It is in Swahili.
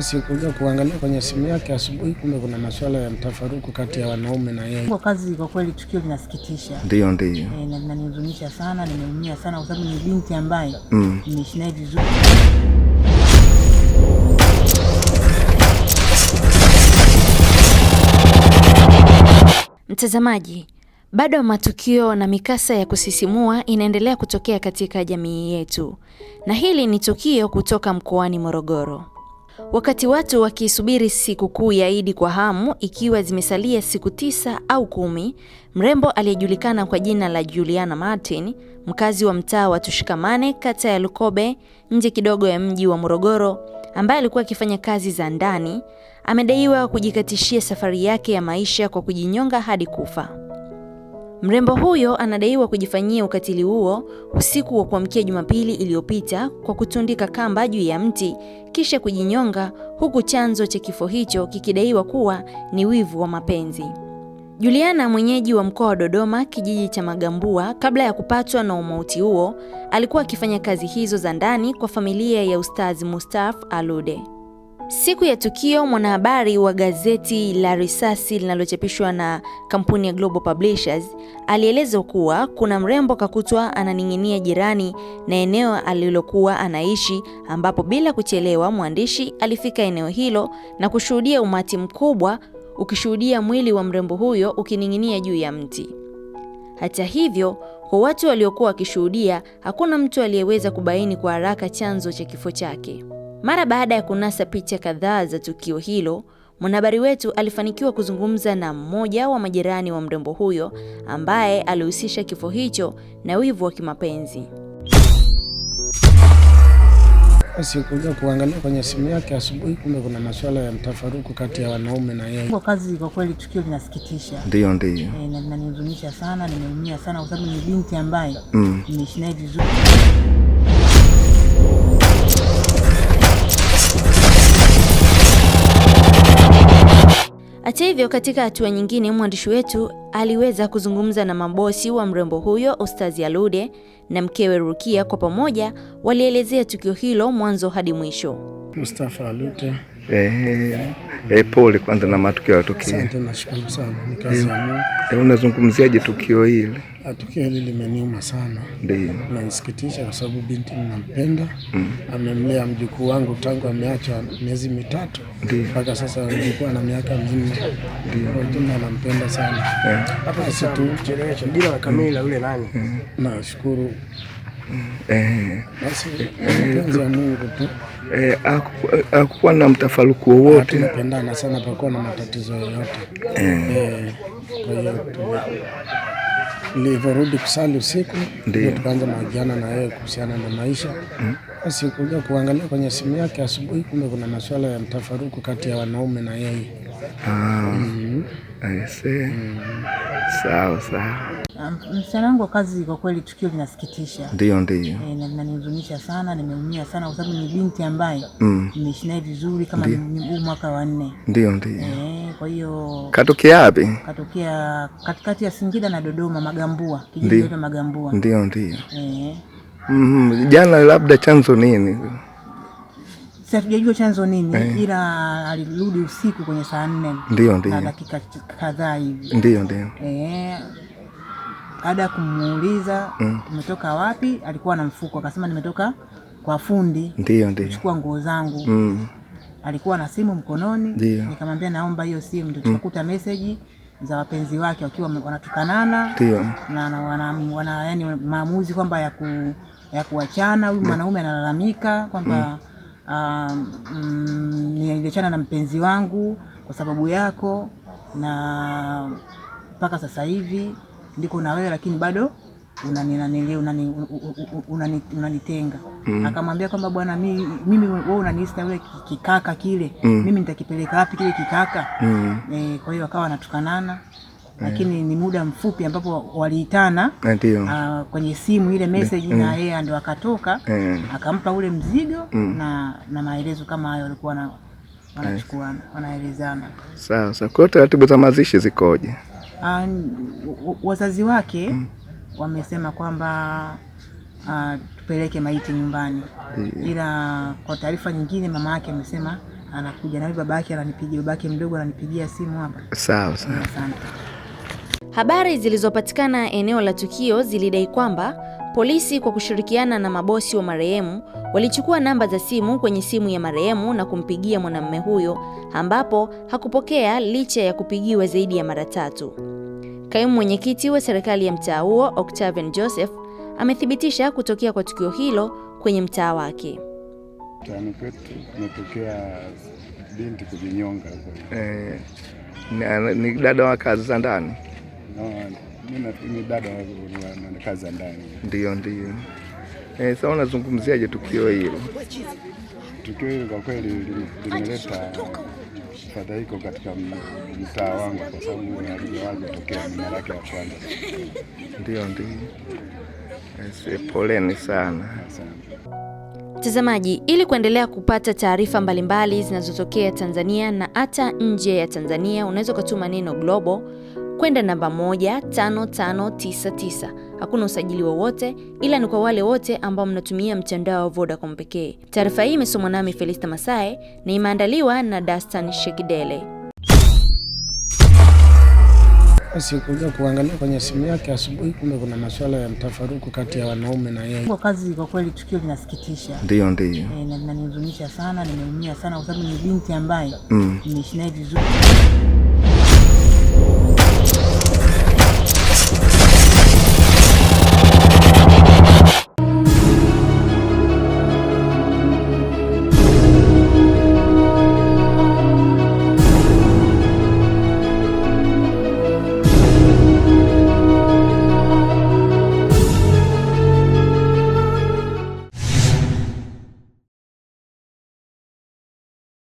basi kuja kuangalia kwenye simu yake asubuhi, kumbe kuna masuala ya mtafaruku kati ya wanaume na yeye. Kwa kazi, kwa kweli tukio linasikitisha, ndio ndio, e, na linanihuzunisha sana, nimeumia sana kwa sababu ni binti ambaye mm. nimeishi naye vizuri Mtazamaji, bado matukio na mikasa ya kusisimua inaendelea kutokea katika jamii yetu, na hili ni tukio kutoka mkoani Morogoro. Wakati watu siku sikukuu ya Idi kwa hamu, ikiwa zimesalia siku tisa au kumi, mrembo aliyejulikana kwa jina la Juliana Martin, mkazi wa mtaa wa Tushikamane, kata ya Lukobe, nje kidogo ya mji wa Morogoro, ambaye alikuwa akifanya kazi za ndani, amedaiwa kujikatishia safari yake ya maisha kwa kujinyonga hadi kufa. Mrembo huyo anadaiwa kujifanyia ukatili huo usiku wa kuamkia Jumapili iliyopita kwa kutundika kamba juu ya mti kisha kujinyonga, huku chanzo cha kifo hicho kikidaiwa kuwa ni wivu wa mapenzi. Juliana, mwenyeji wa mkoa wa Dodoma, kijiji cha Magambua, kabla ya kupatwa na umauti huo, alikuwa akifanya kazi hizo za ndani kwa familia ya Ustaz Mustaf Alude. Siku ya tukio, mwanahabari wa gazeti la Risasi linalochapishwa na kampuni ya Global Publishers alieleza kuwa kuna mrembo kakutwa ananing'inia jirani na eneo alilokuwa anaishi, ambapo bila kuchelewa mwandishi alifika eneo hilo na kushuhudia umati mkubwa ukishuhudia mwili wa mrembo huyo ukining'inia juu ya mti. Hata hivyo, kwa watu waliokuwa wakishuhudia, hakuna mtu aliyeweza kubaini kwa haraka chanzo cha kifo chake. Mara baada ya kunasa picha kadhaa za tukio hilo, mwanahabari wetu alifanikiwa kuzungumza na mmoja wa majirani wa mrembo huyo ambaye alihusisha kifo hicho na wivu wa kimapenzi. Sikuja kuangalia kwenye simu yake asubuhi, kumbe kuna masuala ya mtafaruku kati ya wanaume na yeye. Kwa kazi, kwa kweli tukio linasikitisha, ndio ndio, e, na linanihuzunisha sana, nimeumia sana kwa sababu ni binti ambaye mm, nimeishi naye vizuri Hata hivyo, katika hatua nyingine, mwandishi wetu aliweza kuzungumza na mabosi wa mrembo huyo Ostazi Alude na mkewe Rukia. Kwa pamoja walielezea tukio hilo mwanzo hadi mwisho. Mustafa Alude Eh, eh, pole kwanza na matukio yatokea. Asante, nashukuru sana. Nikaza eh, unazungumziaje tukio hili? Ah, tukio hili limeniuma sana. Ndio. Nanisikitisha kwa sababu binti ninampenda. Mm. Amemlea mjukuu wangu tangu ameacha miezi mitatu mpaka sasa mjukuu ana miaka minne. Ndio. Kwa hiyo nampenda sana. Eh. Hapa sisi tu jina la Kamila yule nani? Eh. Nashukuru. Eh. Basi, mpenzi eh, wa Mungu tu eh, hakukuwa na mtafaruku wowote, tunapendana sana, pakuwa na matatizo yoyote kwahiyo eh. eh, kwa hiyo nilivyorudi kusali usiku ndio tukaanza mahojiana na yeye kuhusiana na maisha mm. basi Kuja kuangalia kwenye simu yake asubuhi, kumbe kuna masuala ya mtafaruku kati ya wanaume na yeye. Ah, mm Mm Sawa sawa. Msichana wangu wa kazi, kwa kweli tukio linasikitisha. Ndio, ndio, eh, inanihuzunisha sana, nimeumia sana kwa sababu ni binti ambaye mm. nimeishi naye vizuri kama huu mwaka wa nne. Ndio, ndio. Eh, kwa hiyo katokea wapi? Katokea katikati ya Singida na Dodoma, Magambua, kijiji cha Magambua. Ndio, ndio. Eh. Mm-hmm. Jana labda chanzo nini? Hatujajua chanzo nini eh, ila alirudi usiku kwenye saa nne ndio, ndio, na dakika kadhaa hivi. Ndio, ndio. Eh, baada ya kumuuliza mm. umetoka wapi, alikuwa na mfuko akasema nimetoka kwa fundi, ndio ndio kuchukua nguo zangu mm. alikuwa na simu mkononi, nikamwambia naomba hiyo simu, ndio mm. tukakuta mm. meseji za wapenzi wake wakiwa wanatukanana na wana, wana, yani maamuzi kwamba ya, ku, ya kuachana. Huyu mm. mwanaume analalamika kwamba mm. uh, mm, niliachana na mpenzi wangu kwa sababu yako na mpaka sasa hivi ndiko na wewe lakini bado unanitenga unani, unani, unani, mm. Akamwambia kwamba bwana, mimi mimi wewe unanista yule kikaka kile mm. Mimi nitakipeleka wapi kile kikaka mm. E, kwa hiyo akawa anatukanana mm. lakini ni muda mfupi ambapo waliitana uh, kwenye simu ile message mm. na yeye ndio akatoka eh. akampa ule mzigo mm. na, na maelezo kama hayo walikuwa wanachukua wanaelezana. Sasa sawa. Kwa hiyo taratibu za mazishi zikoje? Ah, wazazi wake mm. wamesema kwamba uh, tupeleke maiti nyumbani yeah. Ila kwa taarifa nyingine mama yake amesema anakuja, na baba yake ananipigia, baba yake mdogo ananipigia simu hapa. Sawa sawa, asante. Habari zilizopatikana eneo la tukio zilidai kwamba Polisi kwa kushirikiana na mabosi wa marehemu walichukua namba za simu kwenye simu ya marehemu na kumpigia mwanamume huyo ambapo hakupokea licha ya kupigiwa zaidi ya mara tatu. Kaimu mwenyekiti wa serikali ya mtaa huo, Octavian Joseph, amethibitisha kutokea kwa tukio hilo kwenye mtaa wake. Mtaani kwetu binti kujinyonga. Eh, ni dada wa kazi za ndani no mimi bado kazi ndani. Ndio, ndio. Eh, sasa unazungumziaje tukio hilo? Tukio hilo kwa kweli limeleta fadhaiko katika mtaa wangu kwa sababu alijawahi tokea ni mara yake ya kwanza. Ndio, ndio. Eh, poleni sana. Mtazamaji, ili kuendelea kupata taarifa mbalimbali zinazotokea Tanzania na hata nje ya Tanzania, unaweza ukatuma neno global kwenda namba 15599. Hakuna usajili wowote, ila ni kwa wale wote ambao mnatumia mtandao wa Vodacom pekee. Taarifa hii imesomwa nami Felista Masae na imeandaliwa na Dastan Shekidele. Sikuja kuangalia kwenye simu yake asubuhi, kumbe kuna masuala ya mtafaruku kati ya wanaume na yeye. Kwa kazi, kwa kweli tukio linasikitisha, ndio ndio, e, na linanihuzunisha sana. Nimeumia sana kwa sababu ni binti ambaye mm. nimeishi naye vizuri